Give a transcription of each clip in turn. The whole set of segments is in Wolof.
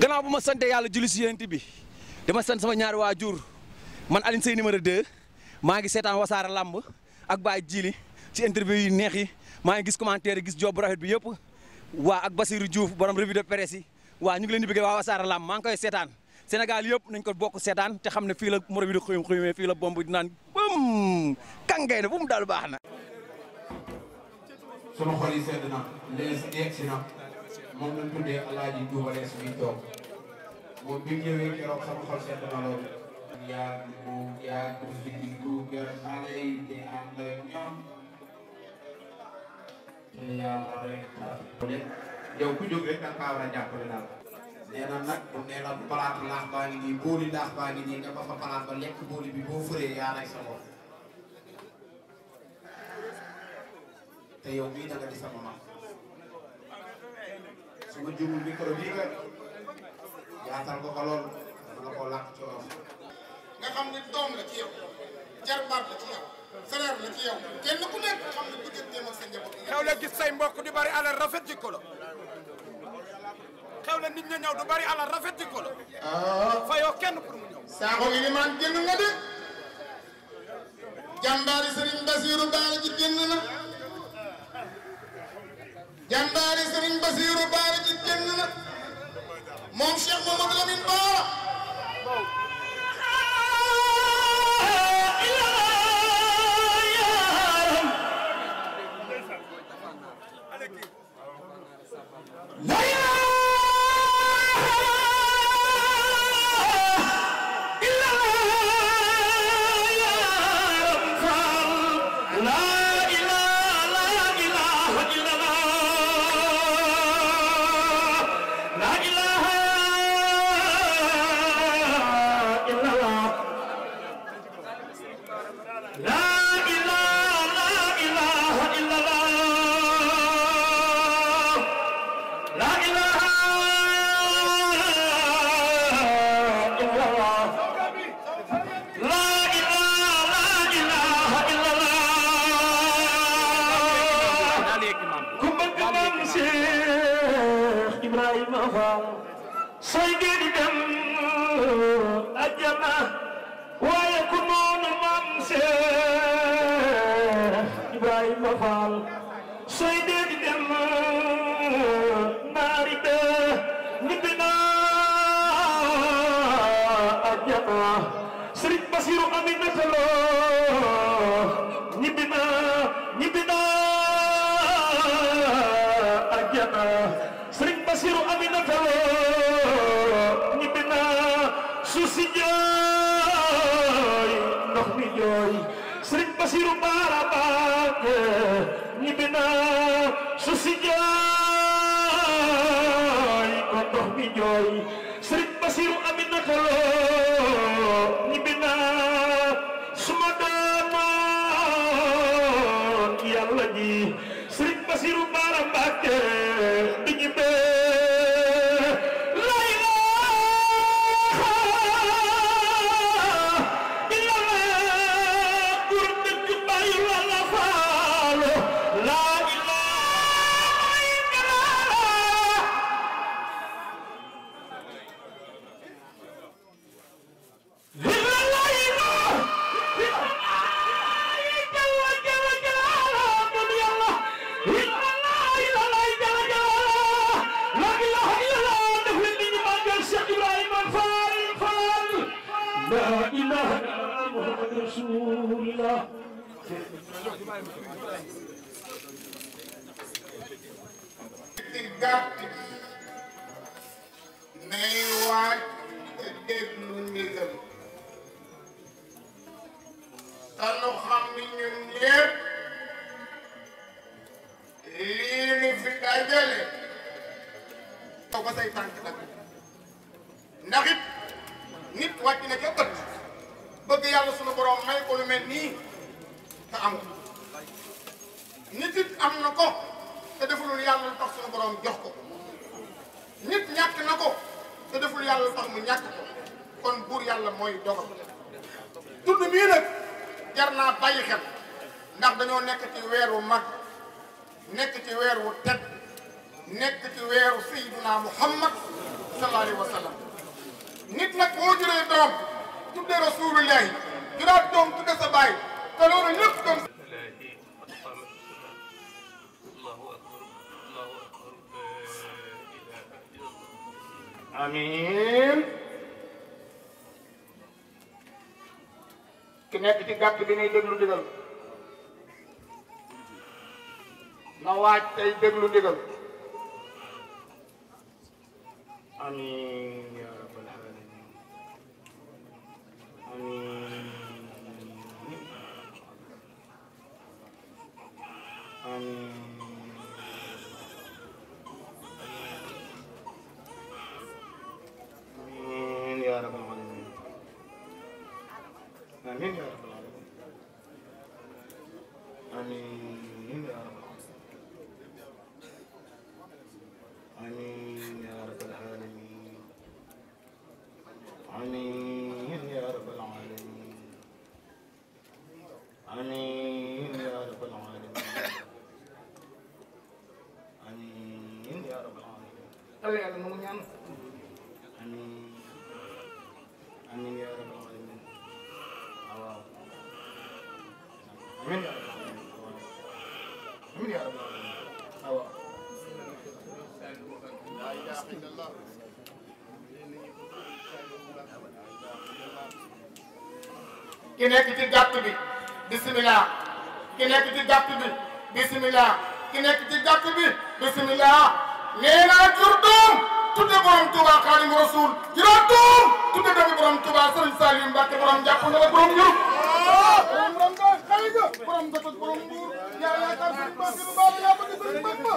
gannaaw bu ma santee yàlla julli si yéent bi dama sant sama ñaari waajur man Alioune Seye numéro 2 maa ngi seetaan wasaara làmb ak Baye Djili ci interview yi neex yi maa ngi gis commentaire gis job bu rafet bi yëpp waa ak Basirou Diouf borom revue de presse waa ñu ngi leen bi bëgg waa wasaara lamb maa ngi koy seetaan Sénégal yëpp nañ ko bokk seetaan te xam ne fii la moro bi di xuyum xuyumee fii la bomb di naan bam kàngay na bu daal baax na. moom lañ tuddee alaaji duubalee suñuy toog moom bi ñëwee keroog sama xol sedd na lool yaa bu yaa bu fidiku ga xale yi te ànd ak ñoom te yàlla rek yow ku jóg rek da nga war a jàppale daal nee na nag bu nee na palaat laax baa ngi nii booli laax baa ngi nii nga ba fa palaat ba lekk booli bi boo fëree yaa rek sa bopp te yow mii da nga di sama mag su ma jumul micro bii nga ko ko lool dama la koo làkk ci oom nga xam ne doom la ci yow jarbaat la ci yow la gis say mbokk di bari alal rafet jikko nit ña ñëw du bari alal rafet jikko la ah. fayoo kenn génn na moom Cheikh Mamadou Lamine Bara Ibrahima Fall sooy dee di dem naari dee ñibbi naa ak jana Serigne Bassirou Aminata Lo ñibbi naa ñibbi naa ak jana Serigne Bassirou Aminata Lo ñibbi naa suuf si jooy ndox mi jooy Basiru Baara Baake ñibbi naa su si jooy ko ndox mi jooy Sëriñ Basiru Aminata Lo لا إله إلا محمد رسول الله gàtt nay waaj te déglu ndigal te nu xam ni ñun ñépp lii ni fi dajale ko say tànk nag ndax it wàcc na ca ëtt bëgg yàlla sunu borom may ko mel nii te amul nit it am na ko te defulul yàlla lu tax sunu borom jox ko nit ñàkk na ko te deful yàlla lu tax mu ñàkk ko kon buur yàlla mooy dogal tudd mii nag jar naa bàyyi xel ndax dañoo nekk ci weer wu mag nekk ci weer wu nekk ci weeru sayyiduna muhammad sallallahu alayhi nit nag boo juree doom tudde rasulullahi juraat doom tudde sa baay te loolu ñëpp doon amin ki nekk ci gàtt bi nay déglu ndigal na waaj tey déglu ndigal amin Amin. Um, yàlla yàlla na mu ñaan. amiin amiin yaa rabbal aalamiin waaw amiin yaa rabbal aalamiin amiin yaa rabbal aalamiin waaw. ki nekk ci jàpp bi bisimilah ki nekk ci jàpp bi bisimilah ki nekk ci jàpp bi bisimilah. nee naa jur doom tudde borom Touba Xaadimu Rasuul juróom doom tudde doomi borom Touba Sëriñ Saaliw Mbàkke borom jàpp na la borom njur borom da xaliga borom dëkk borom mbuur yaa yaakaar Sëriñ Mbàkke bu baax yaa bëgg Sëriñ Mbàkke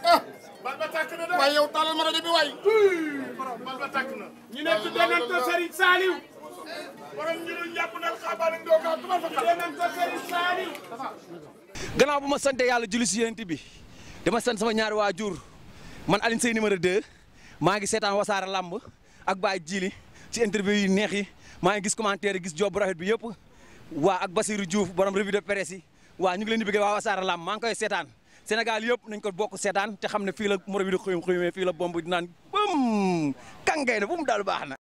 ba eh, bal ba tàkk na de waaye yow tàllal ma rajo bi waay bal ba tàkk na ñu nekk denen to Sëriñ Saaliw borom njuru jàpp na xabaar ndoka tuma fa denen to Sëriñ Saaliw gannaaw bu ma sante yàlla julli si yéen bi dama sant sama ñaari waajur man Alioune Seye numéro 2 maa ngi seetaan wasaara làmb ak Baye Djili ci interview yu neex yi maa ngi gis commentaire gis job bu bi yëpp waa ak Basirou Diouf borom revue de presse yi waa ñu ngi leen di bëgg waa wasaara làmb maa ngi koy seetaan Sénégal yëpp nañ ko bokk seetaan te xam ne fii la moro bi di xuyum xuyumee fii la bomb di naan bum kàngay na bu mu daal baax na